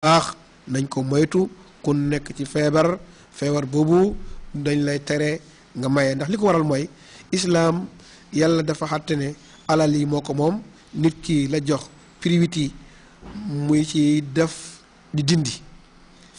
baax nañ ko moytu ku nekk ci feebar feebar boobu dañ lay tere nga maye ndax li ko waral mooy islaam yàlla dafa xàtte ne alal yi moo ko moom nit ki la jox priwiti muy ci def di dindi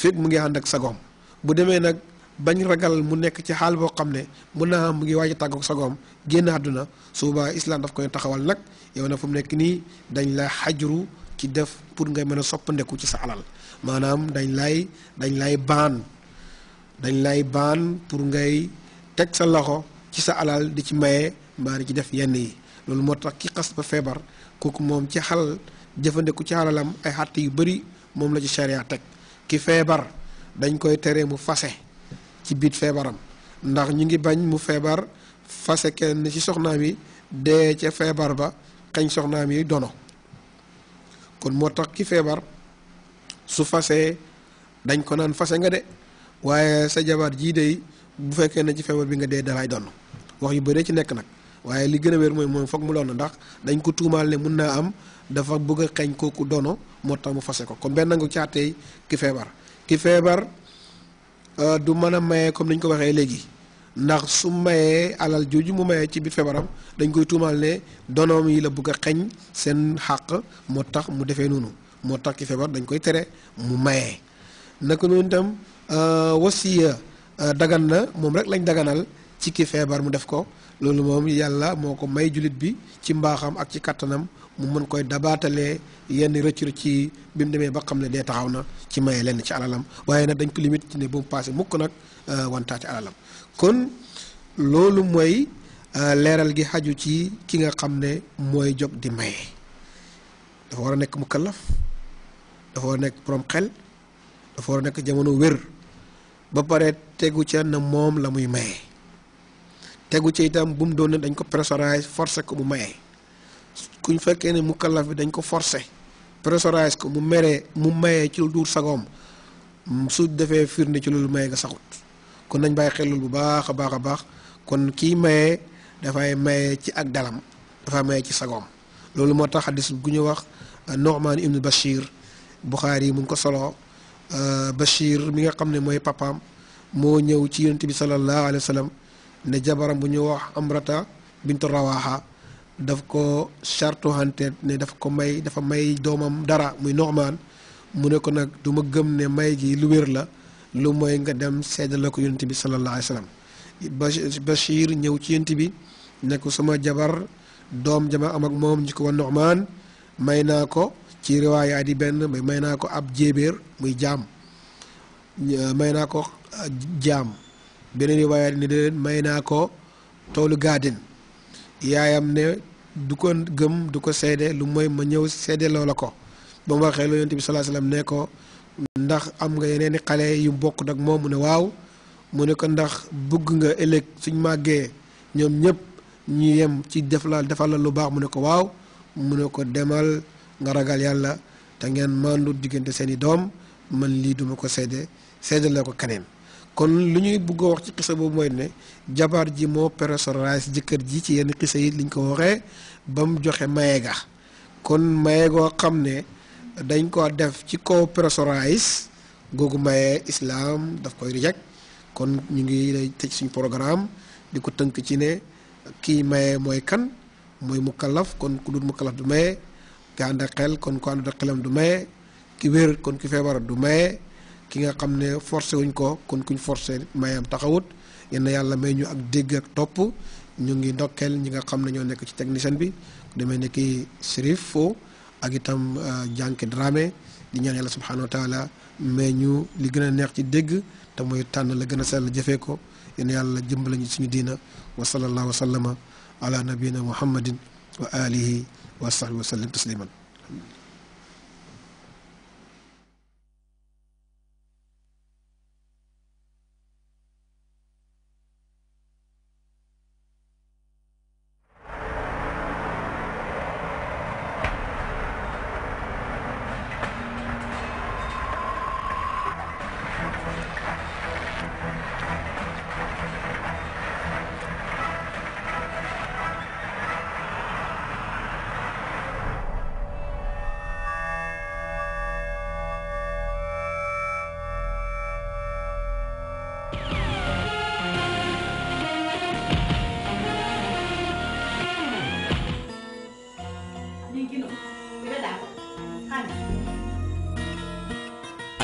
fépp mu ngi ànd ak sagoom bu demee nag bañ ragal mu nekk ci xaal boo xam ne mën naa am mu ngi waaj a tàggoog sagoom génn àdduna suba islaam daf koy taxawal nag yow na fu mu nekk nii dañ la xajru ki def pour ngay mën sopandeku ci sa alal manam, dañ lay dañ lay ban, dañ lay ban, pour ngay tek sa loxo ci sa alal di ci maye mbaa ci def yenn yi lolou motax ki xas ba febar koku mom ci xal jëfandeku ci alalam ay hatt yu bari mom la ci sharia tek ki febar dañ koy tere mu fase ci bit febaram ndax ñu ngi bañ mu febar fase kenn ci soxna de dé ci febar ba xagn soxna mi dono kon moo tax ki feebar su fasee dañ ko naan fase nga de waaye sa jabar jii de bu fekkee ne ci feebar bi nga dee dalay donn wax yu bëree ci nekk nag waaye li gën a wér mooy moom foog mu doon ndax dañ ko tuumaal ne mun naa am dafa bëgg a xeeñ kooku dono moo tax mu fase ko kon benn nangu caatey ki feebar ki feebar euh, du mën a maye comme ni ko waxee léegi. ndax su mayee alal jooju mu mayee ci biir feebaram dañ koy tuumaal ne donoom yi la bëgg a xeñ seen xàq moo tax mu defee noonu moo tax ki feebar dañ koy tere mu mayee naka noonu itam euh, wasiya euh, dagan na moom rek lañ daganal ci ki feebar mu def ko loolu moom yàlla moo ko may jullit bi ci mbaaxam ak ci kàttanam mu mën koy dabaatalee yenn rëcc ci bi mu demee ba xam ne dee taxaw na ci mayee lenn ci alalam waaye nag dañ ko limite ci ne bu mu paase nag euh, wantaa ci alalam kon loolu mooy euh, leeral gi xaju ci ki nga xam ne mooy jóg di maye dafa war a nekk mu kallaf dafa war a nekk borom xel dafa war a nekk jamono wér ba pare tegu ca na moom la muy maye tegu ca itam bu mu doon ne dañ ko pressurise forcé ko mu maye kuñ fekkee ne mu kallaf bi dañ ko forcé pressurise ko mu meree mu mayee ci lu duur sagoom su defee firnde ci loolu maye nga saxut kon nañ bàyyi xelul bu baax a baax a baax kon kii maye dafay maye ci ak dalam dafay maye ci sagoom loolu moo tax xadis gu ñu wax euh, Nu'man ibnu Bachir Buxaari yi mu ngi ko soloo euh, Bachir mi nga xam ne mooy papaam moo ñëw ci yonent bi sallallahu alayhi wa sallam ne jabaram bu ñu wax Amrata bintu Rawaha daf ko chartuhante ne daf ko may dafa may doomam dara muy Nu'man mu ne ko nag duma gëm ne may gi lu wér la lu mooy nga dem seddale ko yonent bi sallallahu alayhi wa ñëw ci yonent bi ne sama jabar doom jama am ak moom ñu ko wa Nu'maan may naa ko ci riwaayaa di benn may naa ko ab jéebéer muy jaam may naa ko jaam beneen riwaayaa di ne déedéet may naa ko toolu gaadin yaayam ne du ko gëm du ko seede lu mooy ma ñëw seede loola ko ba mu waxee loolu yonent bi sallallahu alayhi ne ko ndax am nga yeneen i xale yu bokk nag moom mu ne waaw mu ne ko ndax bëgg nga ëllëg suñ màggee ñoom ñëpp ñu yem ci def la defal la lu baax mu ne ko waaw mu ne ko demal nga ragal yàlla te ngeen màndu diggante seeni doom man lii duma ko sedde sedde la ko keneen kon li ñuy bëgg a wax ci xisa boobu mooy ne jabar ji moo personnalise jëkkër ji ci yenn xisa yi liñ ko waxee ba mu joxe maye ga kon maye goo xam ne dañ ko def ci kaw pressurise googu maye islaam daf koy rijek kon ñu ngi lay tëj suñu programme di ko tënk ci ne kii maye mooy kan mooy mukallaf kon ku dul mukallaf du maye ki xel kon ku ànd du maye ki kon ki feebar du maye ki nga xam ne forcé wuñ ko kon kuñ forcé mayam taxawut yenn yàlla may ñu ak dégg ak topp ñu ngi ndokkeel ñi nga xam ne ñoo nekk ci technicien bi demee ne ki Chérif Fo ak itam jànke Dramé di ñaan yàlla subhanahu wa taala menu ñu li gën a neex ci dégg te mooy tànn la gën a sell ko yéen yàlla jëmbale ñu suñu diina wa sallallahu wa sallama ala nabiyina muhammadin wa alihi wa sahbihi wa sallam tasliman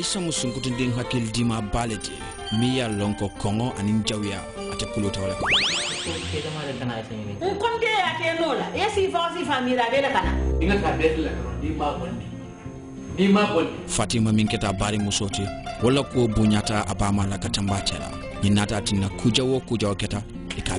ye sɔngu sunkutunden hakili di ma mi y'a lonko ko kɔngɔ ani jawuya a tɛ kulo n y'a kɛ n'o la e si fɔsi faamira a bɛ la ka na i ka ma bɔ ni ma fatima min keta ta baari wala ko bonyata a la ka tɛmɛ ni nata a kuja wo kuja o kɛ ta i k'a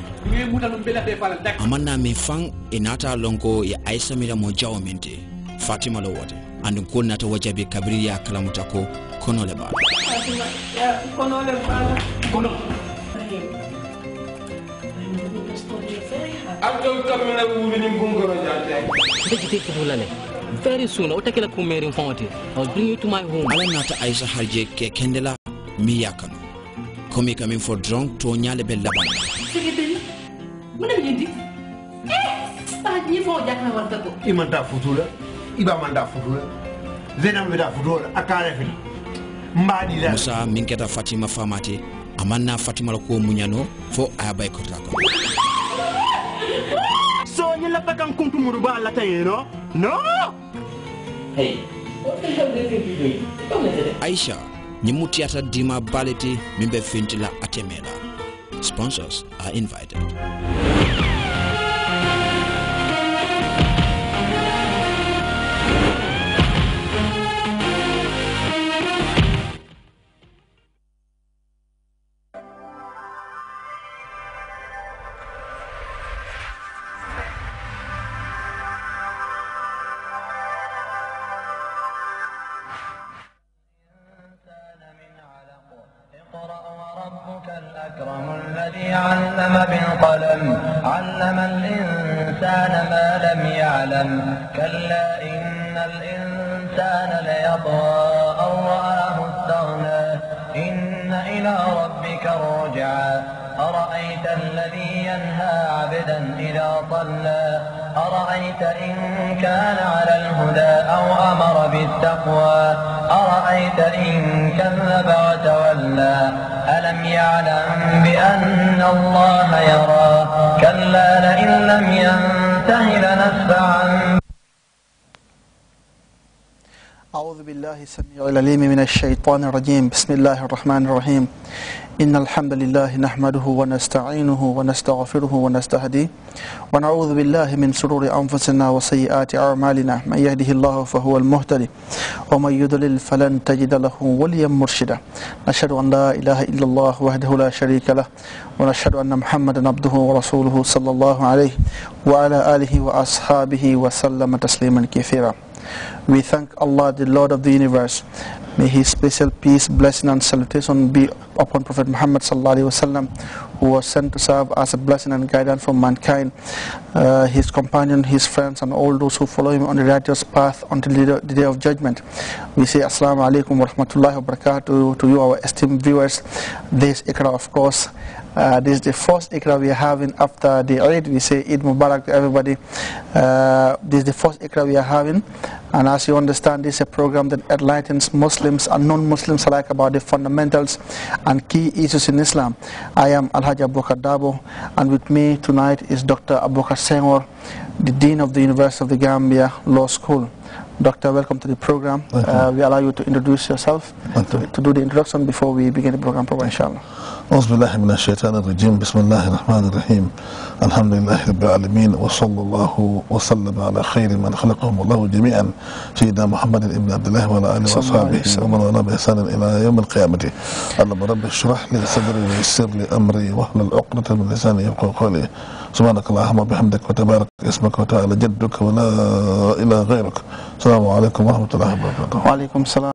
amanna min fan e naata lonko e aisamira mo jawo min te fatima lo wote andu ko nata wajabi kabiri ya kalamuta ko konole baala konole baala kono abdou kamina very soon bring you to my home ala nata aisha harje ke kendela mi yakano komi kamin fo drunk to nyale be laban mune warta ko zenam musa min keta fatima famate amanna fatima ko muñano fo aya bay kotota ko so ñilla bakan kuntumuru ba no hey. aisha ñi mu tiyata dima balete min be fintila atemela sponsors are invited أكرم الذي علم بالقلم علم الإنسان ما لم يعلم كلا إن الإنسان ليطغى أن رآه استغنى إن إلى ربك الرجعى أرأيت الذي ينهى عبدا إذا صلى أرأيت إن كان على الهدى أو أمر بالتقوى أرأيت إن كذب وتولى ألم يعلم بأن الله يرى كلا أعوذ بالله السميع العليم من الشيطان الرجيم بسم الله الرحمن الرحيم إن الحمد لله نحمده ونستعينه ونستغفره ونستهديه ونعوذ بالله من شرور أنفسنا وسيئات أعمالنا من يهده الله فهو المهتدي ومن يضلل فلن تجد له وليا مرشدا نشهد أن لا إله إلا الله وحده لا شريك له ونشهد أن محمدا عبده ورسوله صلى الله عليه وعلى آله وأصحابه وسلم تسليما كثيرا We thank Allah, the Lord of the universe. May His special peace, blessing and salutation be upon Prophet Muhammad wasallam, who was sent to serve as a blessing and guidance for mankind, uh, his companion, his friends and all those who follow him on the righteous path until the, day of judgment. We say Assalamu alaikum wa rahmatullahi wa barakatuh to you our esteemed viewers. This ikra of course, uh, this is the first ikra we are having after the Eid. We say Eid Mubarak to everybody. Uh, this is the first ikra we are having and as you understand, this is a program that enlightens Muslims and non-Muslims alike about the fundamentals and key issues in Islam. I am Alhaji Abubakar Dabo, and with me tonight is Dr. Abubakar Senghor, the Dean of the University of the Gambia Law School. Doctor, welcome to the program. Uh, we allow you to introduce yourself, to, to, do the introduction before we begin the program proper, inshallah. أعوذ بالله من الشيطان الرجيم بسم الله الرحمن الرحيم الحمد لله رب العالمين وصلى الله وسلم على خير من خلقهم الله جميعا سيدنا محمد بن عبد الله وعلى آله وصحبه ومن والاه بإحسان إلى يوم القيامة اللهم رب اشرح لي صدري ويسر لي أمري واحلل عقدة من لساني يبقى قولي سبحانك اللهم وبحمدك وتبارك اسمك وتعالى جدك ولا إله غيرك السلام عليكم ورحمة الله وبركاته وعليكم السلام